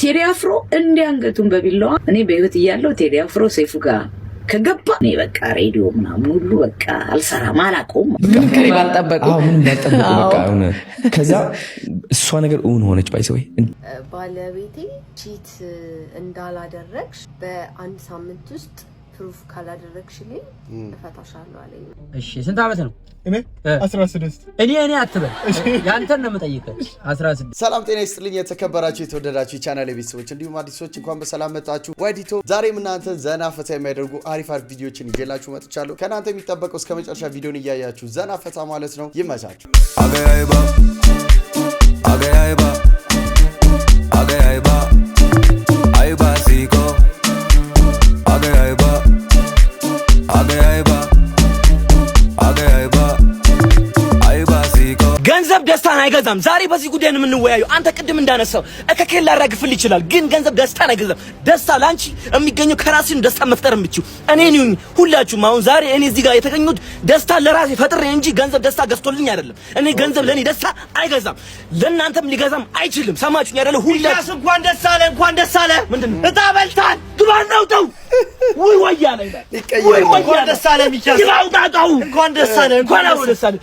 ቴዲ አፍሮ እንዲህ አንገቱን በቢላዋ እኔ በህይወት እያለው ቴዲ አፍሮ ሰይፉ ጋር ከገባ እኔ በቃ ሬዲዮ ምናምን ሁሉ በቃ አልሰራም አላውቀውም። ምንም ባልጠበቁ ከዛ እሷ ነገር እውን ሆነች። ባይሰ ወይ ባለቤቴ ቺት እንዳላደረግሽ በአንድ ሳምንት ውስጥ ፕሩፍ ካላደረግሽልኝ እፈታሻለሁ አለኝ። እሺ ስንት ዓመት ነው? እኔ እኔ አትበል ያንተን ነው የምጠይቀው። ሰላም ጤና ይስጥልኝ። የተከበራችሁ የተወደዳችሁ የቻናል ቤተሰቦች እንዲሁም አዲሶች እንኳን በሰላም መጣችሁ። ዋይዲቶ ዛሬም እናንተን ዘና ፈታ የሚያደርጉ አሪፍ አሪፍ ቪዲዮችን ይዤላችሁ መጥቻለሁ። ከእናንተ የሚጠበቀው እስከ መጨረሻ ቪዲዮን እያያችሁ ዘና ፈታ ማለት ነው። ይመቻችሁ። አልገዛም። ዛሬ በዚህ ጉዳይ ነው የምንወያየው። አንተ ቅድም እንዳነሳው እከኬን ላራግፍል ይችላል፣ ግን ገንዘብ ደስታን አይገዛም። ደስታ ላንቺ የሚገኘው ከራስሽ ደስታ መፍጠር የምችው እኔ ነኝ። ሁላችሁም አሁን ዛሬ እኔ እዚህ ጋር የተገኙት ደስታ ለራሴ ፈጥሬ እንጂ ገንዘብ ደስታ ገዝቶልኝ አይደለም። እኔ ገንዘብ ለእኔ ደስታ አይገዛም፣ ለእናንተም ሊገዛም አይችልም። ሰማችሁኝ አይደለ? ሁላችሁ እንኳን ደስ አለ፣ እንኳን ደስ አለ። ምንድን ነው እጣ በልታል። ግባን ነው ተው ወይ ወያለ ይላል። እንኳን ደስ አለ ሚካኤል፣ ግባው ጣጣው። እንኳን ደስ አለ፣ እንኳን ደስ አለ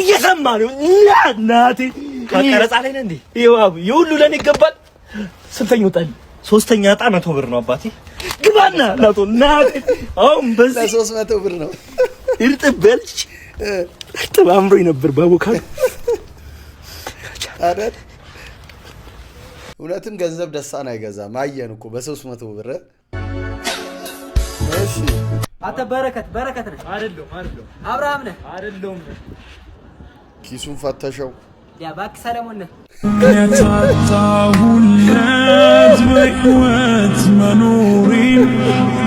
እየሰማ ነው። እናቴ ቀረጻ ላይ ነን እንዴ? የሁሉ ለኔ ይገባል። ስንተኛ ወጣል? ሶስተኛ ዕጣ መቶ ብር ነው አባቴ። ግባና ናቶ ናቴ። አሁን በዚህ ሶስት መቶ ብር ነው። እርጥብ በልች እርጥብ አምሮኝ ነበር በአቮካዶ አይደል? እውነትም ገንዘብ ደስታን አይገዛም። አየን እኮ በሶስት መቶ ብር እሺ። አንተ በረከት በረከት ነህ። አይደለም አይደለም። አብርሃም ነህ። አይደለም ኪሱን ፈተሸው። ያባክ ሰለሞን የታጣሁለት በሕይወት መኖሪ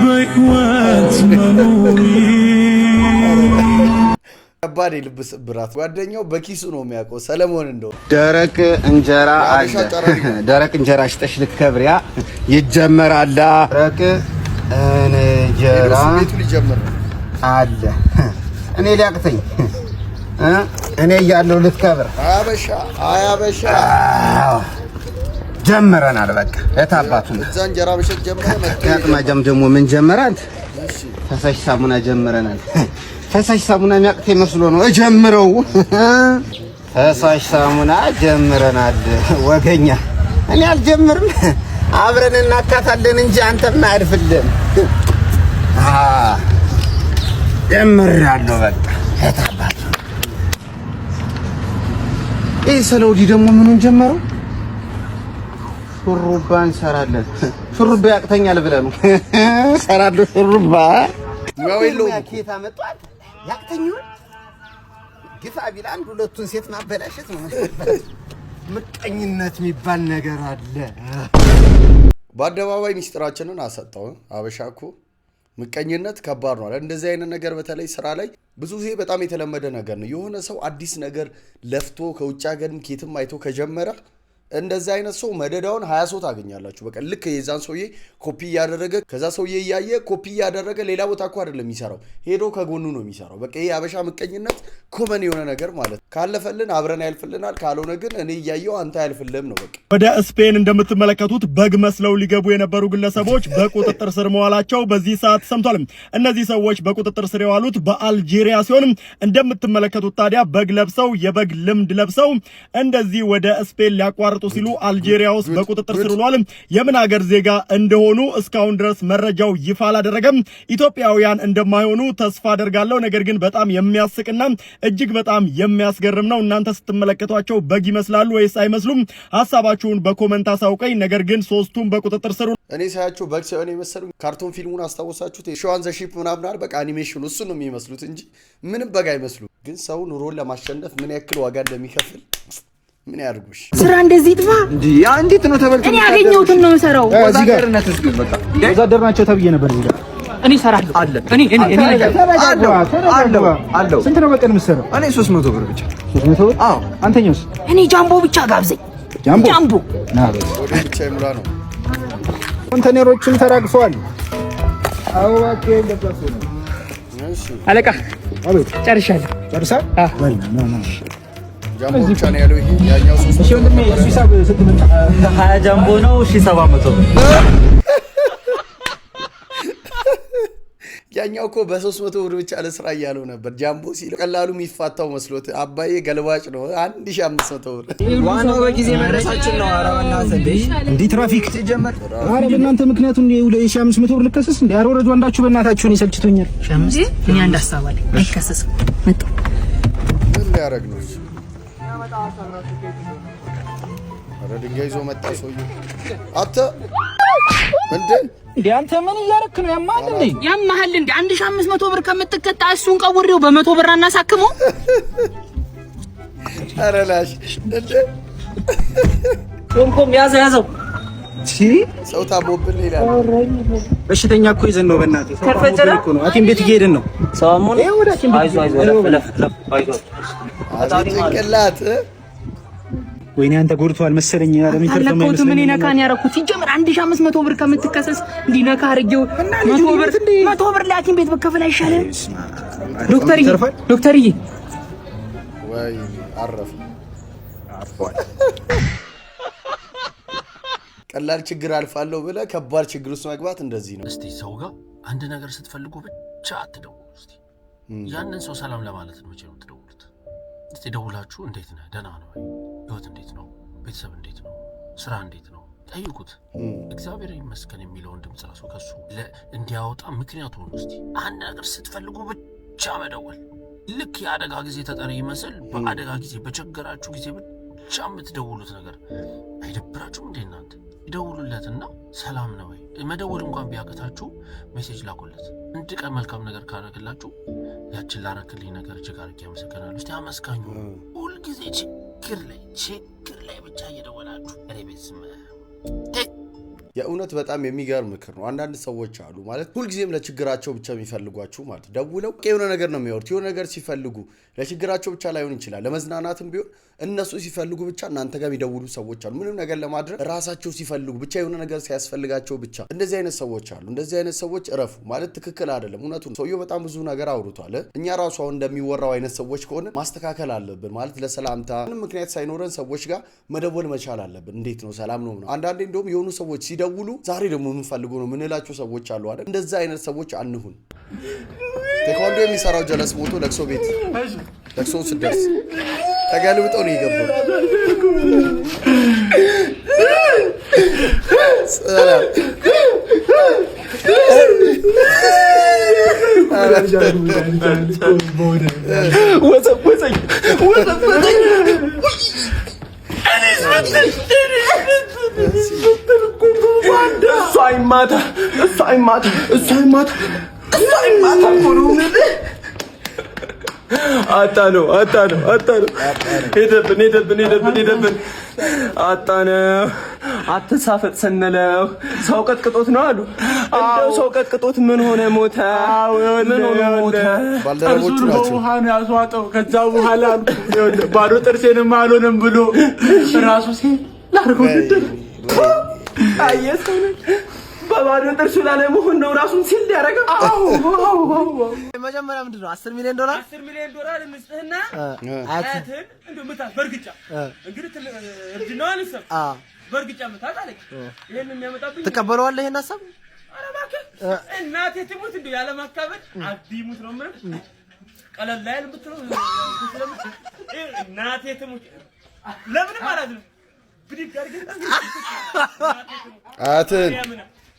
በሕይወት መኖሪ ከባድ የልብ ስብራት ጓደኛው በኪሱ ነው የሚያውቀው። ሰለሞን እንደው ደረቅ እንጀራ ደረቅ እንጀራ ሽጠሽ ልትከብሪያ ይጀመራላ ደረቅ እንጀራ አለ እኔ ሊያቅተኝ እኔ እያለሁ ልትከብር አበሻ አያበሻ ጀምረናል። በቃ የታባቱ እዛ እንጀራ በሸት ጀምረናል። ደግሞ ምን ጀመራንት? ፈሳሽ ሳሙና ጀምረናል። ፈሳሽ ሳሙና የሚያቅት መስሎ ነው እጀምረው። ፈሳሽ ሳሙና ጀምረናል። ወገኛ እኔ አልጀምርም። አብረን እናካታለን እንጂ አንተም አያድፍልን። ጀምር ያለው በቃ የታባቱ ይህ ሰለውዲ ደግሞ ምኑን ጀመረው? ሹሩባ እንሰራለን። ሹሩባ ያቅተኛል ብለህ ነው እሰራለሁ። ሹሩባ ኬታ መጧት ያቅተኛል። ግፋ ቢል አንድ ሁለቱን ሴት ማበላሸት ነው። ምቀኝነት የሚባል ነገር አለ። በአደባባይ ሚስጥራችንን አሰጠው አበሻ እኮ ምቀኝነት ከባድ ነው። እንደዚህ አይነት ነገር በተለይ ስራ ላይ ብዙ ጊዜ በጣም የተለመደ ነገር ነው። የሆነ ሰው አዲስ ነገር ለፍቶ ከውጭ ሀገርም ኬትም አይቶ ከጀመረ እንደዚህ አይነት ሰው መደዳውን ሀያ ሰው ታገኛላችሁ። በቃ ልክ የዛን ሰውዬ ኮፒ እያደረገ ከዛ ሰውዬ እያየ ኮፒ እያደረገ ሌላ ቦታ እኮ አይደለም የሚሰራው፣ ሄዶ ከጎኑ ነው የሚሰራው። በቃ ይህ አበሻ ምቀኝነት ኮመን የሆነ ነገር ማለት ካለፈልን አብረን ያልፍልናል፣ ካልሆነ ግን እኔ እያየው አንተ አያልፍልም ነው። በቃ ወደ ስፔን እንደምትመለከቱት በግ መስለው ሊገቡ የነበሩ ግለሰቦች በቁጥጥር ስር መዋላቸው በዚህ ሰዓት ሰምቷል። እነዚህ ሰዎች በቁጥጥር ስር የዋሉት በአልጄሪያ ሲሆን እንደምትመለከቱት ታዲያ በግ ለብሰው የበግ ልምድ ለብሰው እንደዚህ ወደ ስፔን ሊያቋር ቀርቶ ሲሉ አልጄሪያ ውስጥ በቁጥጥር ስር ውሏል። የምን ሀገር ዜጋ እንደሆኑ እስካሁን ድረስ መረጃው ይፋ አላደረገም። ኢትዮጵያውያን እንደማይሆኑ ተስፋ አደርጋለሁ። ነገር ግን በጣም የሚያስቅና እጅግ በጣም የሚያስገርም ነው። እናንተ ስትመለከቷቸው በግ ይመስላሉ ወይስ አይመስሉም? ሀሳባችሁን በኮመንት አሳውቀኝ። ነገር ግን ሶስቱም በቁጥጥር ስር እኔ ሳያቸው በግ ሳይሆን የመሰሉ ካርቶን ፊልሙን አስታወሳችሁት? ሸዋን ዘሺፕ ምናምን በቃ አኒሜሽኑ እሱ ነው የሚመስሉት እንጂ ምንም በግ አይመስሉም። ግን ሰው ኑሮን ለማሸነፍ ምን ያክል ዋጋ እንደሚከፍል ምን ያድርጉሽ? ስራ እንደዚህ ጥፋ ያ እንዴት ነው ተበልቶ? እኔ ያገኘሁትን ነው የምሰራው። ወዛደር ናቸው ተብዬ ነበር እዚህ ጋር እኔ እሰራለሁ። እኔ እኔ እኔ አለው። ስንት ነው በቀን የምትሰራው? እኔ 300 ብር ብቻ። 300 ብር? አዎ። አንተኛውስ? እኔ ጃምቦ ብቻ ጋብዘኝ። ጃምቦ ጃምቦ ነው። ኮንቴነሮችም ተራግፈዋል። አለቃ ጨርሻለሁ። ጨርሳ ጃምቦ ብቻ ነው ያለው። ይሄ ያኛው መቶ ያኛው እኮ በሶስት መቶ ብር ብቻ ለስራ እያለው ነበር። ጃምቦ ሲለው ቀላሉ የሚፋታው መስሎት አባዬ ገልባጭ ነው። አንድ ሺህ አምስት መቶ ብር ዋናው በጊዜ መድረሳችን ነው። ኧረ በእናትህ ትራፊክ ሲጀመር ኧረ በእናንተ ምክንያቱ የሺህ አምስት መቶ ብር ልከሰስ እንደ ኧረ አንዳችሁ በእናታችሁን ይሰልችቶኛል። እኔ አንድ ሀሳብ አለኝ አይከሰስም። መጡ ምን ሊያደርግ ነው? ኧረ ድንጋይ ይዞ መጣ ሰውዬው። አንተ እንደ እንደ አንተ ምን እያደረክ ነው? ያማል እንዴ? ያማል እንዴ? አንድ ሺህ አምስት መቶ ብር ከምትቀጣ እሱን ቀውሬው በመቶ ብር አናሳክመው። ኧረ ላሽ እንደ ኮምኮም ያዘው ያዘው። ሰው ታሞብን ይላል። በሽተኛ እኮ ይዘን ነው። በእናትህ ሐኪም ቤት እየሄድን ነው። ሰው አሞን ወይኔ አንተ ጎድቷል መሰለኝ ያለ ምን ማለት ነው። ምን ነካን ያደረኩት ሲጀምር 1500 ብር ከምትከሰስ እንዲነካ አድርጌው 100 ብር 100 ብር ለሐኪም ቤት በከፈል አይሻልም? ዶክተርዬ ዶክተርዬ ወይ አረፍ ቀላል ችግር አልፋለሁ ብለህ ከባድ ችግር ውስጥ መግባት እንደዚህ ነው። እስቲ ሰው ጋር አንድ ነገር ስትፈልጉ ብቻ አትደውሉ። እስቲ ያንን ሰው ሰላም ለማለት ነው እስቲ ደውላችሁ እንዴት ነህ፣ ደህና ነው፣ ህይወት እንዴት ነው፣ ቤተሰብ እንዴት ነው፣ ስራ እንዴት ነው ጠይቁት። እግዚአብሔር ይመስገን የሚለውን ድምፅ ራሱ ከሱ እንዲያወጣ ምክንያቱ ሆኑ። እስቲ አንድ ነገር ስትፈልጉ ብቻ መደወል ልክ የአደጋ ጊዜ ተጠሪ ይመስል በአደጋ ጊዜ በቸገራችሁ ጊዜ ብቻ የምትደውሉት ነገር አይደብራችሁም እንዴ እናንተ? ይደውሉለትና ሰላም ነው ወይ መደወል እንኳን ቢያቀታችሁ ሜሴጅ ላኩለት። አንድ ቀን መልካም ነገር ካረግላችሁ ያችን ላረክልኝ ነገር እጅግ አርጌ ያመሰግናሉ። ስ አመስጋኙ ሁልጊዜ ችግር ላይ ችግር ላይ ብቻ እየደወላችሁ እኔ ቤት ስም የእውነት በጣም የሚገርም ምክር ነው። አንዳንድ ሰዎች አሉ ማለት ሁልጊዜም ለችግራቸው ብቻ የሚፈልጓችሁ ማለት ደውለው የሆነ ነገር ነው የሚወሩት። የሆነ ነገር ሲፈልጉ ለችግራቸው ብቻ ላይሆን ይችላል፣ ለመዝናናትም ቢሆን እነሱ ሲፈልጉ ብቻ እናንተ ጋር የሚደውሉ ሰዎች አሉ። ምንም ነገር ለማድረግ ራሳቸው ሲፈልጉ ብቻ የሆነ ነገር ሲያስፈልጋቸው ብቻ እንደዚህ አይነት ሰዎች አሉ። እንደዚህ አይነት ሰዎች እረፉ ማለት ትክክል አይደለም። እውነቱ ሰውየው በጣም ብዙ ነገር አውርቷል። እኛ ራሱ አሁን እንደሚወራው አይነት ሰዎች ከሆነ ማስተካከል አለብን። ማለት ለሰላምታ ምንም ምክንያት ሳይኖረን ሰዎች ጋር መደወል መቻል አለብን። እንዴት ነው ሰላም ነው ነው። አንዳንዴ እንደውም የሆኑ ሰዎች ሲደውሉ ዛሬ ደግሞ የምንፈልጉ ነው ምንላቸው ሰዎች አሉ አይደል? እንደዛ አይነት ሰዎች አንሁን። ቴኳንዶ የሚሰራው ጀለስ ሞቶ ለቅሶ ቤት ለቅሶ ስደርስ ተገልብጦ ነው የገባው። ሳይማታ ሳይማታ ሳይማታ ሳይማታ እሷ አይማታ አጣነው አጣነው አጣነው ሄደብን ሄደብን ሄደብን ሄደብን አጣነው። አትሳፈጥ ስንለው ሰው ቀጥቅጦት ነው አሉ። እንደው ሰው ቀጥቅጦት ምን ሆነ ሞተ? ምን ሆነ ሞተ? ጥርሱን በውሃ ነው ያስዋጠው። ከዛ በኋላ ባዶ ጥርሴንም አልሆንም ብሎ ራሱ ሴ ላርጎ አየሰነ በባዶ ጥርሱ ላለመሆን ነው ራሱን ሲል ያደረገ። መጀመሪያ ምንድን ነው አስር ሚሊዮን ዶላር አስር ሚሊዮን ዶላር ምስጥህና አያትህን እንደው ምታት በእርግጫ እንግዲህ እርጅናዋ ልሰብ በእርግጫ ምታት አለች። ይህን የሚያመጣብኝ ትቀበለዋለህ ይህን ሀሳብ እናቴ ትሙት እንደው ያለማካበድ አብዲ ሙት ነው ምንም ቀለል ላይ የምትለው እናቴ ትሙት ለምንም ማለት ነው ብድግ አድርገህ አያትን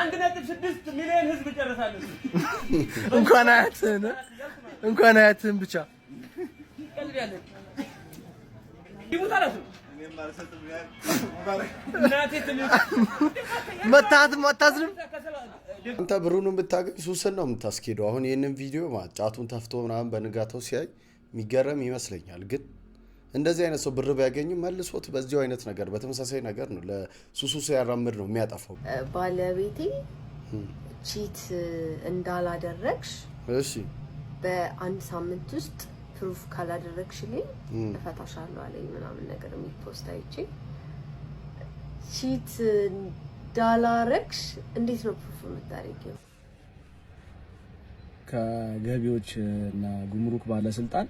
አንድ ነጥብ ስድስት ሚሊዮን ህዝብ ጨርሳለች። እንኳን አያትህን እንኳን አያትህን ብቻ መታትም አታዝንም። አንተ ብሩን ብታገኝ ሱስን ነው የምታስኬደው። አሁን ይህንን ቪዲዮ ጫቱን ተፍቶ ምናምን በንጋተው ሲያይ የሚገረም ይመስለኛል ግን እንደዚህ አይነት ሰው ብር ቢያገኝ መልሶት በዚሁ አይነት ነገር በተመሳሳይ ነገር ነው ለሱሱ ያራምድ ነው የሚያጠፋው። ባለቤቴ ቺት እንዳላደረግሽ እሺ፣ በአንድ ሳምንት ውስጥ ፕሩፍ ካላደረግሽልኝ እፈታሻለሁ አለኝ ምናምን ነገር የሚፖስት ፖስት አይቼ ቺት እንዳላረግሽ እንዴት ነው ፕሩፍ የምታደርጊው? ከገቢዎች እና ጉምሩክ ባለስልጣን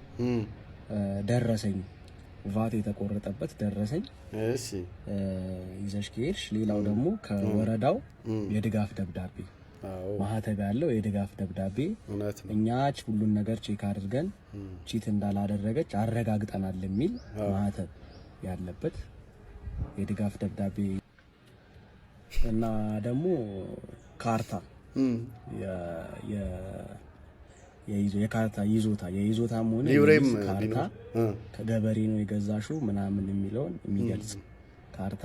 ደረሰኝ ቫት የተቆረጠበት ደረሰኝ ይዘሽ ከሄድሽ፣ ሌላው ደግሞ ከወረዳው የድጋፍ ደብዳቤ ማህተብ ያለው የድጋፍ ደብዳቤ እኛች ሁሉን ነገር ቼክ አድርገን ቺት እንዳላደረገች አረጋግጠናል የሚል ማህተብ ያለበት የድጋፍ ደብዳቤ እና ደግሞ ካርታ የካርታ ይዞታ የይዞታም ሆነ ካርታ ከገበሬ ነው የገዛሹ ምናምን የሚለውን የሚገልጽ ካርታ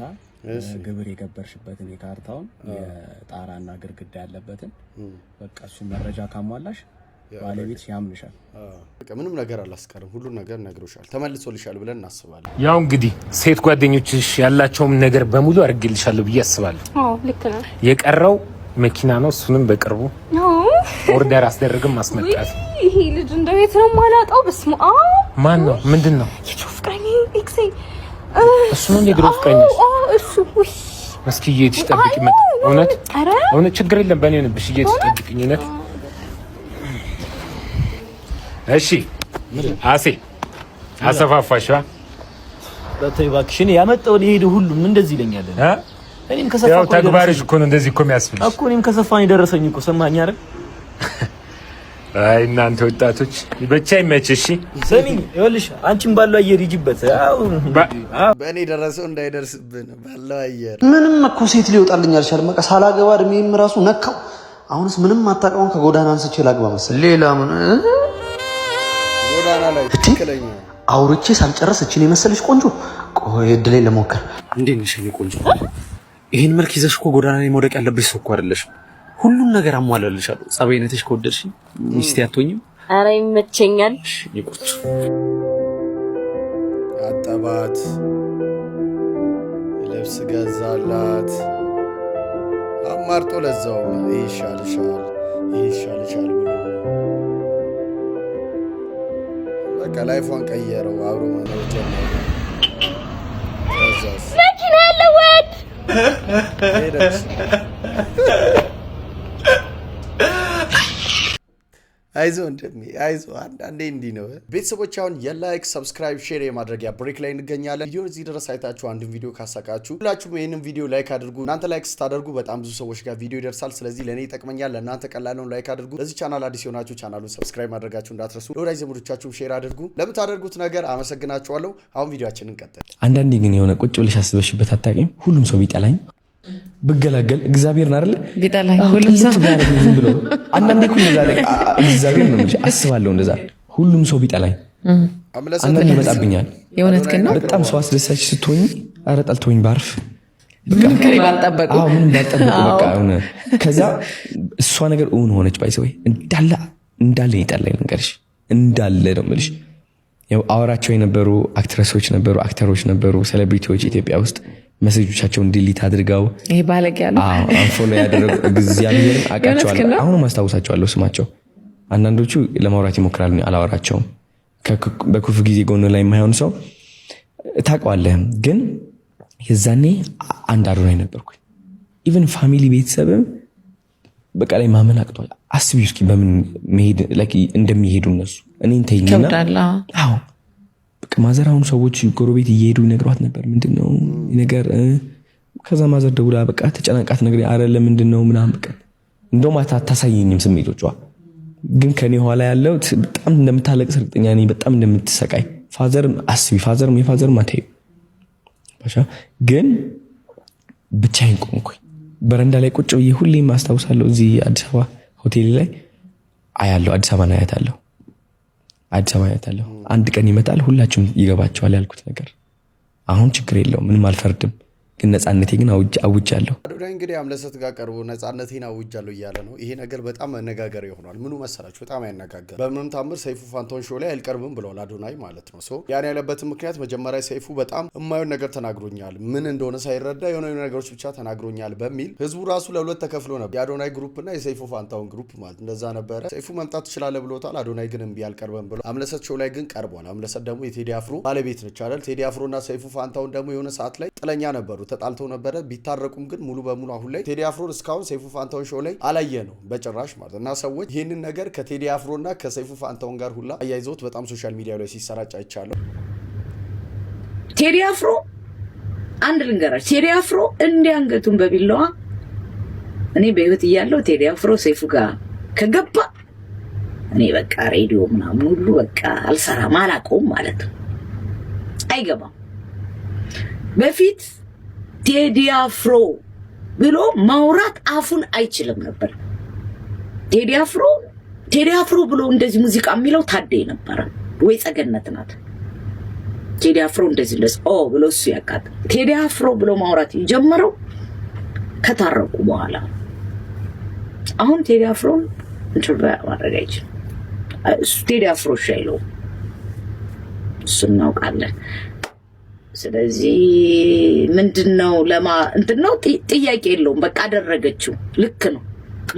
ግብር የገበርሽበትን የካርታውን የጣራና ግርግዳ ያለበትን በቃ እሱ መረጃ ካሟላሽ ባለቤት ያምንሻል። በቃ ምንም ነገር አላስቀርም፣ ሁሉ ነገር ነግሮሻል፣ ተመልሶልሻል ብለን እናስባለን። ያው እንግዲህ ሴት ጓደኞችሽ ያላቸውም ነገር በሙሉ አድርጌልሻለሁ ብዬ አስባለሁ። ልክ ነው። የቀረው መኪና ነው፣ እሱንም በቅርቡ ኦርደር አስደርግም ማስመጣት። ይሄ ልጅ እንደው የት ነው የማላጣው? በስመ አብ ማን ነው? ምንድን ነው? የድሮ ፍቅረኛ ኤክሴ እሱ ነው። የድሮ ፍቅረኛ እሱ። እስኪ እየሄድሽ ጠብቂ። እውነት እውነት፣ ችግር የለም በእኔ ሆንብሽ። እየሄድሽ ጠብቂኝ። እውነት እሺ። አሴ አሰፋፋሽ በተይ እባክሽ። እኔ ያመጣውን የሄደ ሁሉም እንደዚህ ይለኛል። እኔም ከሰፋ ተግባርሽ እኮ ነው እንደዚህ እኮ የሚያስፈልሽ እኮ እኔም ከሰፋን የደረሰኝ እኮ ሰማኝ አይደል አይ እናንተ ወጣቶች ብቻ ይመች። እሺ ስሚ፣ ይኸውልሽ አንቺም ባለው አየር ይጅበት። በእኔ ደረሰው እንዳይደርስብን ባለው አየር ምንም እኮ ሴት ሊወጣልኝ አልቻለም። በቃ ሳላገባ እድሜም ራሱ ነካው። አሁንስ ምንም አታውቀውን ከጎዳና አንስቼ ላግባ መሰለኝ። ሌላ ምን ጎዳና ላይ ትክክለኛ አውርቼ ሳልጨረስ እችን የመሰለች ቆንጆ ቆይ እድሌን ለሞከር። እንዴ ነሽ የእኔ ቆንጆ? ይህን መልክ ይዘሽ እኮ ጎዳና ላይ መውደቅ ያለብሽ ሰው እኮ አይደለሽም። ሁሉን ነገር አሟላልሻለሁ። ጸባይ ነትሽ ከወደድሽ ሚስት ያቶኝም። አረ ይመቸኛል። ይቁጭ አጠባት፣ ልብስ ገዛላት፣ አማርጦ ለዛው ይሻልሻል፣ ይሻልሻል ብሎ በቃ ላይፏን ቀየረው። አብሮ መኖር ጀመሩ። መኪና ያለ ወድ አይዞ እንደሚ አይዞ አንዳንዴ እንዲህ ነው። ቤተሰቦች አሁን የላይክ ሰብስክራይብ፣ ሼር የማድረጊያ ብሬክ ላይ እንገኛለን። ቪዲዮ እዚህ ድረስ አይታችሁ አንድን ቪዲዮ ካሳቃችሁ ሁላችሁም ይህንን ቪዲዮ ላይክ አድርጉ። እናንተ ላይክ ስታደርጉ በጣም ብዙ ሰዎች ጋር ቪዲዮ ይደርሳል። ስለዚህ ለእኔ ይጠቅመኛል፣ ለእናንተ ቀላል ነው። ላይክ አድርጉ። ለዚህ ቻናል አዲስ የሆናችሁ ቻናሉን ሰብስክራይብ ማድረጋችሁ እንዳትረሱ። ለወዳጅ ዘመዶቻችሁም ሼር አድርጉ። ለምታደርጉት ነገር አመሰግናችኋለሁ። አሁን ቪዲዮችን እንቀጥል። አንዳንዴ ግን የሆነ ቁጭ ብለሽ አስበሽበት አታውቂም። ሁሉም ሰው ቢጠላኝ ብገላገል እግዚአብሔርን አይደለ ብሎ አንዳንዴ እኮ እንደዛ እግዚአብሔር ነው አስባለሁ። እንደዛ ሁሉም ሰው ቢጠላኝ አንዳንድ ይመጣብኛል። በጣም ሰው አስደሳች ስትሆኝ ኧረ ጠልቶኝ ባርፍ ምንም ባልጠበቁ ከዛ እሷ ነገር እውን ሆነች። ባይሰ ወይ እንዳለ እንዳለ ይጠላኝ ነገርሽ እንዳለ ነው የምልሽ። አወራቸው የነበሩ አክትረሶች ነበሩ፣ አክተሮች ነበሩ፣ ሴሌብሪቲዎች ኢትዮጵያ ውስጥ መሴጆቻቸውን ዲሊት አድርገው አንፎሎ ያደረጉ እግዚአብሔርን አውቃቸዋለሁ። አሁን አስታውሳቸዋለሁ። ስማቸው አንዳንዶቹ ለማውራት ይሞክራሉ፣ አላወራቸውም። በክፉ ጊዜ ጎን ላይ የማይሆን ሰው ታውቀዋለህ። ግን የዛኔ አንድ አዶ ላይ ነበርኩኝ። ኢቨን ፋሚሊ ቤተሰብም በቃ ላይ ማመን አቅቷል። አስቢ እስኪ በምን መሄድ እንደሚሄዱ እነሱ እኔን ተይኝና ማዘር አሁን ሰዎች ጎረቤት እየሄዱ ይነግሯት ነበር። ምንድን ነው ነገር ከዛ ማዘር ደውላ በቃ ተጨናንቃት ነገር አረ ምንድን ነው ምናምን በቃ እንደውም አታሳየኝም ስሜቶቿ ግን ከኔ ኋላ ያለው በጣም እንደምታለቅ እርግጠኛ ነኝ። በጣም እንደምትሰቃይ ፋዘር አስቢ ፋዘርም የፋዘርም አታዩ ግን ብቻዬን ቆምኩኝ በረንዳ ላይ ቁጭ ብዬ ሁሌም አስታውሳለሁ። እዚህ አዲስ አበባ ሆቴል ላይ አያለሁ፣ አዲስ አበባ አያታለሁ አዲስ አበባ ያታለሁ። አንድ ቀን ይመጣል፣ ሁላችሁም ይገባቸዋል ያልኩት ነገር። አሁን ችግር የለውም ምንም አልፈርድም። ግን ነጻነቴ ግን አውጃለሁ። አዶናይ እንግዲህ አምለሰት ጋር ቀርቦ ነጻነቴን አውጃለሁ እያለ ነው። ይሄ ነገር በጣም መነጋገር ይሆኗል። ምኑ መሰላችሁ? በጣም ያነጋገር በምንም ታምር ሰይፉ ፋንቶን ሾ ላይ አልቀርብም ብለዋል አዶናይ ማለት ነው። ሶ ያን ያለበትን ምክንያት መጀመሪያ ሰይፉ በጣም የማየውን ነገር ተናግሮኛል፣ ምን እንደሆነ ሳይረዳ የሆነ ነገሮች ብቻ ተናግሮኛል በሚል ህዝቡ ራሱ ለሁለት ተከፍሎ ነበር፣ የአዶናይ ግሩፕ እና የሰይፉ ፋንታውን ግሩፕ ማለት እንደዛ ነበረ። ሰይፉ መምጣት ትችላለ ብሎታል። አዶናይ ግን እምቢ አልቀርበም ብሎ አምለሰት ሾ ላይ ግን ቀርቧል። አምለሰት ደግሞ የቴዲ አፍሮ ባለቤት ነች አይደል? ቴዲ አፍሮና ሰይፉ ፋንታውን ደግሞ የሆነ ሰዓት ላይ ጥለኛ ነበሩ። ተጣልተው ነበረ። ቢታረቁም ግን ሙሉ በሙሉ አሁን ላይ ቴዲ አፍሮን እስካሁን ሰይፉ ፋንታውን ሾው ላይ አላየ ነው በጭራሽ ማለት እና ሰዎች ይህንን ነገር ከቴዲ አፍሮ እና ከሰይፉ ፋንታውን ጋር ሁላ አያይዘውት በጣም ሶሻል ሚዲያ ላይ ሲሰራጭ አይቻለሁ። ቴዲ አፍሮ አንድ ልንገራች፣ ቴዲ አፍሮ እንዲ አንገቱን በቢላዋ እኔ በህይወት እያለው ቴዲ አፍሮ ሰይፉ ጋር ከገባ እኔ በቃ ሬዲዮ ምናምን ሁሉ በቃ አልሰራም አላቆም ማለት ነው። አይገባም በፊት ቴዲ አፍሮ ብሎ ማውራት አፉን አይችልም ነበር። ቴዲ አፍሮ ቴዲ አፍሮ ብሎ እንደዚህ ሙዚቃ የሚለው ታዴ ነበረ ወይ ጸገነት ናት። ቴዲ አፍሮ እንደዚህ እንደዚህ ኦ ብሎ እሱ ያቃጥ ቴዲ አፍሮ ብሎ ማውራት የጀመረው ከታረቁ በኋላ። አሁን ቴዲ አፍሮን እንትን ማድረግ አይችልም። ቴዲ አፍሮ ሻይለው እሱ እናውቃለን። ስለዚህ ምንድን ነው ለማ እንትን ነው ጥያቄ የለውም። በቃ አደረገችው። ልክ ነው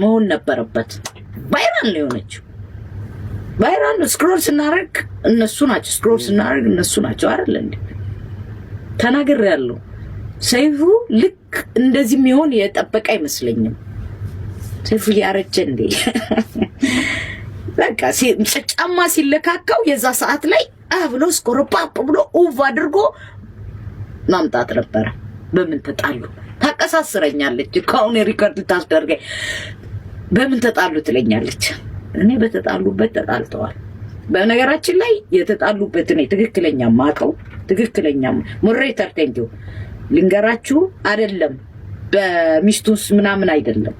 መሆን ነበረበት። ቫይራል ነው የሆነችው። ቫይራል ነው። ስክሮል ስናደርግ እነሱ ናቸው፣ ስክሮል ስናደርግ እነሱ ናቸው አይደል እንዲ ተናገር ያለው ሰይፉ ልክ እንደዚህ የሚሆን የጠበቀ አይመስለኝም። ሰይፉ እያረጀ እንዴ በቃ ጫማ ሲለካካው የዛ ሰዓት ላይ ብሎ ስኮረፓፕ ብሎ ኡቭ አድርጎ ማምጣት ነበረ። በምን ተጣሉ? ታቀሳስረኛለች። ከአሁን ሪከርድ ታስደርገኝ። በምን ተጣሉ ትለኛለች። እኔ በተጣሉበት ተጣልተዋል። በነገራችን ላይ የተጣሉበት እኔ ትክክለኛ ማቀው ትክክለኛ ሞሬተር ተንጆ ልንገራችሁ፣ አይደለም በሚስቱስ ምናምን አይደለም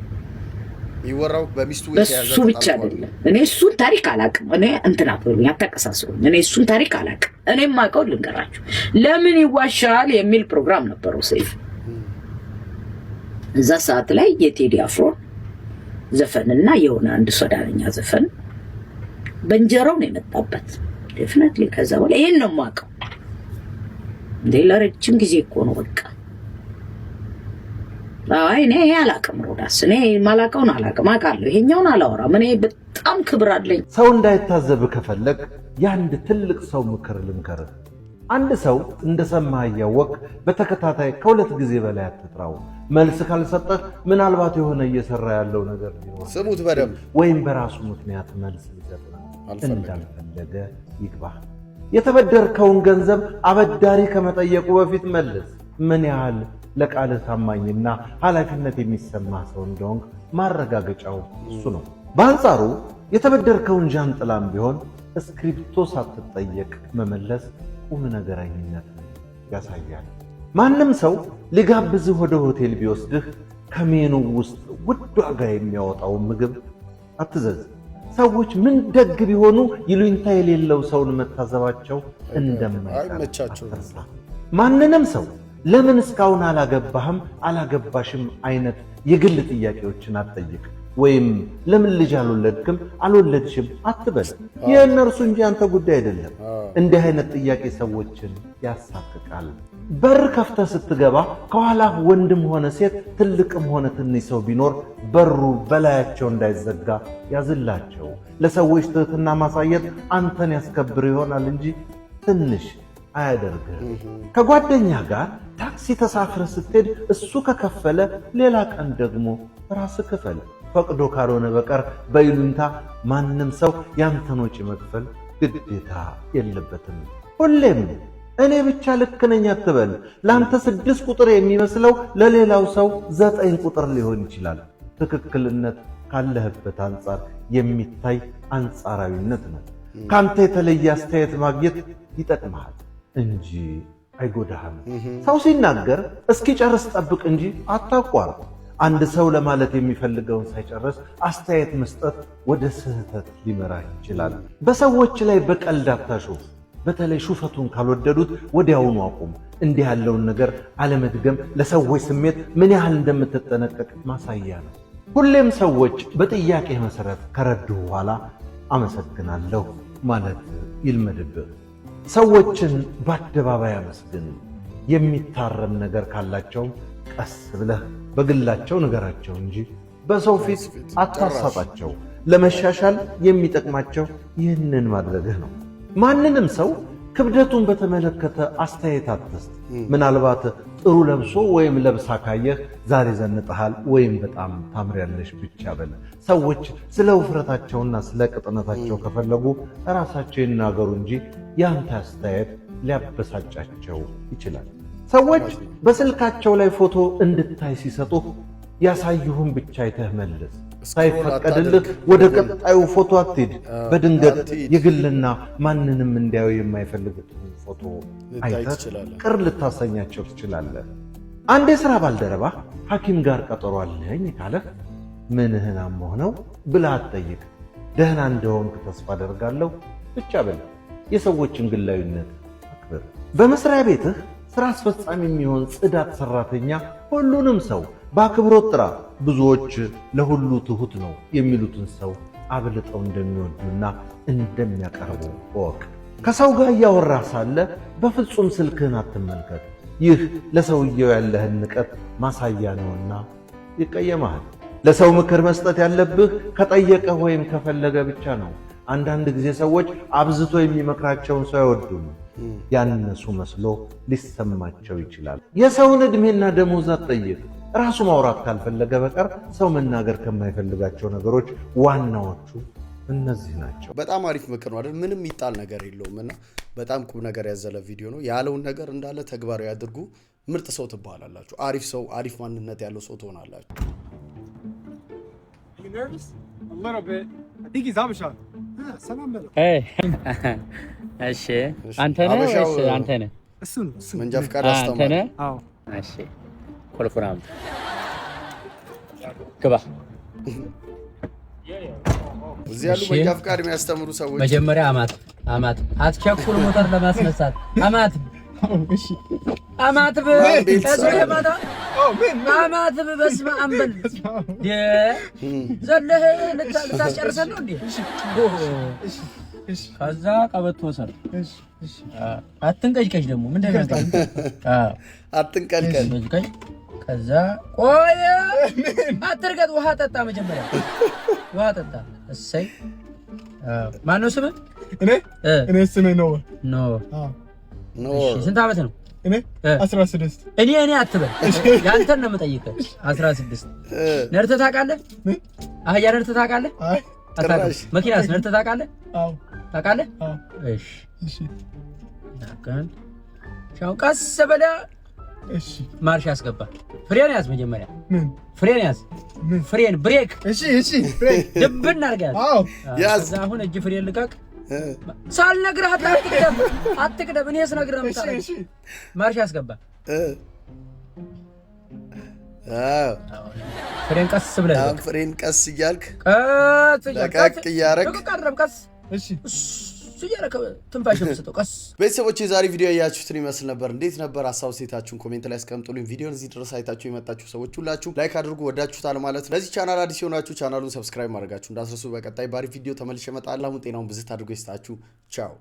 የሚወራው በሚስቱ እሱ ብቻ አይደለም። እኔ እሱን ታሪክ አላውቅም። እኔ እንትን አትበሉኝ፣ አታቀሳስሩኝ። እኔ እሱን ታሪክ አላውቅም። እኔ የማውቀው ልንገራችሁ። ለምን ይዋሻል የሚል ፕሮግራም ነበረው ሰይፍ። እዛ ሰዓት ላይ የቴዲ አፍሮን ዘፈንና የሆነ አንድ ሶዳለኛ ዘፈን በእንጀራው ነው የመጣበት። ዴፍነት ከዛ በኋላ ይህን ነው የማውቀው። እንዴ ለረጅም ጊዜ እኮ ነው በቃ አይ እኔ ይሄ አላቅም ሮዳስ፣ እኔ ማላቀውን አላቅም፣ አውቃለሁ ይሄኛውን አላወራም። እኔ በጣም ክብር አለኝ። ሰው እንዳይታዘብ ከፈለግ የአንድ ትልቅ ሰው ምክር ልምከርህ። አንድ ሰው እንደሰማህ እያወቅ በተከታታይ ከሁለት ጊዜ በላይ አትጥራው። መልስ ካልሰጠህ ምናልባት የሆነ እየሰራ ያለው ነገር ሊኖር ስሙት በደምብ ወይም በራሱ ምክንያት መልስ ሊሰጥ እንዳልፈለገ ይግባ። የተበደርከውን ገንዘብ አበዳሪ ከመጠየቁ በፊት መልስ። ምን ያህል ለቃልህ ታማኝና ኃላፊነት የሚሰማ ሰው እንደሆንክ ማረጋገጫው እሱ ነው። በአንጻሩ የተበደርከውን ዣንጥላም ቢሆን እስክሪብቶ ሳትጠየቅ መመለስ ቁም ነገረኝነት ያሳያል። ማንም ሰው ሊጋብዝህ ወደ ሆቴል ቢወስድህ ከሜኑ ውስጥ ውድ ዋጋ የሚያወጣውን ምግብ አትዘዝ። ሰዎች ምን ደግ ቢሆኑ ይሉኝታ የሌለው ሰውን መታዘባቸው እንደማይቀር አትርሳ። ማንንም ሰው ለምን እስካሁን አላገባህም አላገባሽም አይነት የግል ጥያቄዎችን አትጠይቅ። ወይም ለምን ልጅ አልወለድክም አልወለድሽም አትበል። የእነርሱ እንጂ አንተ ጉዳይ አይደለም። እንዲህ አይነት ጥያቄ ሰዎችን ያሳቅቃል። በር ከፍተህ ስትገባ ከኋላ ወንድም ሆነ ሴት ትልቅም ሆነ ትንሽ ሰው ቢኖር በሩ በላያቸው እንዳይዘጋ ያዝላቸው። ለሰዎች ትህትና ማሳየት አንተን ያስከብር ይሆናል እንጂ ትንሽ አያደርግህ። ከጓደኛ ጋር ታክሲ ተሳፍረ ስትሄድ እሱ ከከፈለ ሌላ ቀን ደግሞ ራስ ክፈል። ፈቅዶ ካልሆነ በቀር በይሉኝታ ማንም ሰው ያንተን ወጪ መክፈል ግዴታ የለበትም። ሁሌም እኔ ብቻ ልክ ነኝ አትበል። ለአንተ ስድስት ቁጥር የሚመስለው ለሌላው ሰው ዘጠኝ ቁጥር ሊሆን ይችላል። ትክክልነት ካለህበት አንጻር የሚታይ አንጻራዊነት ነው። ከአንተ የተለየ አስተያየት ማግኘት ይጠቅመሃል እንጂ አይጎዳህም። ሰው ሲናገር እስኪ ጨርስ ጠብቅ እንጂ አታቋርጥ። አንድ ሰው ለማለት የሚፈልገውን ሳይጨርስ አስተያየት መስጠት ወደ ስህተት ሊመራ ይችላል። በሰዎች ላይ በቀልድ አታሹፍ። በተለይ ሹፈቱን ካልወደዱት ወዲያውኑ አቁም። እንዲህ ያለውን ነገር አለመድገም ለሰዎች ስሜት ምን ያህል እንደምትጠነቀቅ ማሳያ ነው። ሁሌም ሰዎች በጥያቄ መሰረት ከረዱ በኋላ አመሰግናለሁ ማለት ይልመድብህ። ሰዎችን በአደባባይ አመስግን። የሚታረም ነገር ካላቸው ቀስ ብለህ በግላቸው ንገራቸው እንጂ በሰው ፊት አታሳጣቸው። ለመሻሻል የሚጠቅማቸው ይህንን ማድረግህ ነው። ማንንም ሰው ክብደቱን በተመለከተ አስተያየት አትስጥ። ምናልባት ጥሩ ለብሶ ወይም ለብሳ ካየህ ዛሬ ዘንጠሃል ወይም በጣም ታምሪያለሽ ብቻ በል። ሰዎች ስለ ውፍረታቸውና ስለ ቅጥነታቸው ከፈለጉ ራሳቸው ይናገሩ እንጂ የአንተ አስተያየት ሊያበሳጫቸው ይችላል። ሰዎች በስልካቸው ላይ ፎቶ እንድታይ ሲሰጡህ ያሳይሁን ብቻ አይተህ መልስ። ሳይፈቀድልህ ወደ ቀጣዩ ፎቶ አትሄድ። በድንገት የግልና ማንንም እንዲያዩ የማይፈልግ ፎቶ አይተህ ቅር ልታሰኛቸው ትችላለህ። አንድ ስራ ባልደረባ ሐኪም ጋር ቀጠሮ አለኝ ካለ ምንህን አሞህ ነው ብለህ አትጠይቅ። ደህና እንደሆንክ ተስፋ አደርጋለሁ ብቻ በል። የሰዎችን ግላዊነት አክብር። በመስሪያ ቤትህ ስራ አስፈጻሚ የሚሆን ጽዳት ሰራተኛ ሁሉንም ሰው በአክብሮት ጥራ። ብዙዎች ለሁሉ ትሑት ነው የሚሉትን ሰው አብልጠው እንደሚወዱና እንደሚያቀርቡ እወቅ። ከሰው ጋር እያወራ ሳለ በፍጹም ስልክህን አትመልከት። ይህ ለሰውየው ያለህን ንቀት ማሳያ ነውና ይቀየመሃል። ለሰው ምክር መስጠት ያለብህ ከጠየቀ ወይም ከፈለገ ብቻ ነው። አንዳንድ ጊዜ ሰዎች አብዝቶ የሚመክራቸውን ሰው አይወዱም። ያነሱ መስሎ ሊሰማቸው ይችላል። የሰውን ዕድሜና ደሞዝ አትጠይቅ። ራሱ ማውራት ካልፈለገ በቀር ሰው መናገር ከማይፈልጋቸው ነገሮች ዋናዎቹ እነዚህ ናቸው። በጣም አሪፍ ምክር ነው አይደል? ምንም ይጣል ነገር የለውም እና በጣም ቁም ነገር ያዘለ ቪዲዮ ነው። ያለውን ነገር እንዳለ ተግባራዊ አድርጉ። ምርጥ ሰው ትባላላችሁ። አሪፍ ሰው፣ አሪፍ ማንነት ያለው ሰው ትሆናላችሁ። ግባ እዚህ ያሉ በእኛ ፍቃድ የሚያስተምሩ ሰዎች መጀመሪያ አማት አማት አትቸኩል፣ ሞተር ለማስነሳት አማት አማት አማት በስመ አብ በል ዘለህ ልታስጨርሰን ነው እንዴ? ከዛ ቀበቶ ሰር አትንቀጭቀጭ ደግሞ ምንድን ነው አትንቀጭቀጭ ከዛ ቆየ አትርገጥ፣ ውሃ ጠጣ፣ መጀመሪያ ውሃ ጠጣ። እሰይ ማነው ስምህ? እኔ እኔ ስሜ ነው ኖ ኖ። ስንት ዓመት ነው? እኔ 16 እኔ እኔ አትበል፣ ያንተን ነው የምጠይቀህ። 16 ነድተህ ታውቃለህ? አህያ ነድተህ ታውቃለህ? መኪናስ ነድተህ ታውቃለህ? አዎ ታውቃለህ። እሺ እሺ፣ ቀስ በለህ ማርሽ ያስገባ። ፍሬን ያዝ፣ መጀመሪያ ምን ፍሬን ያዝ። ምን ፍሬን ብሬክ። እሺ፣ እሺ፣ ብሬክ ድብን አድርገህ ያዝ። አሁን እጅ ፍሬን ልቀቅ። ሳልነግርህ አትቅደም፣ አትቅደም። እኔ ስነግርህ ነው እሺ፣ ማርሽ ያስገባ። ፍሬን ቀስ ብለህ ፍሬን ቀስ እያልክ ቀስ እያልክ ቀስ እያረግ ቀስ እሺ እያደረክ ትንፋሽ የምትሰጠው ቀስ። ቤተሰቦች የዛሬ ቪዲዮ ያያችሁትን ይመስል ነበር። እንዴት ነበር? ሀሳብ ሴታችሁን ኮሜንት ላይ አስቀምጡልኝ። ቪዲዮን እዚህ ድረስ አይታችሁ የመጣችሁ ሰዎች ሁላችሁ ላይክ አድርጉ። ወዳችሁታል ማለት ነው። ለዚህ ቻናል አዲስ የሆናችሁ ቻናሉን ሰብስክራይብ ማድረጋችሁ እንዳስረሱ። በቀጣይ ባሪ ቪዲዮ ተመልሼ እመጣለሁ። ጤናውን ብዝት አድርጎ ይስጣችሁ። ቻው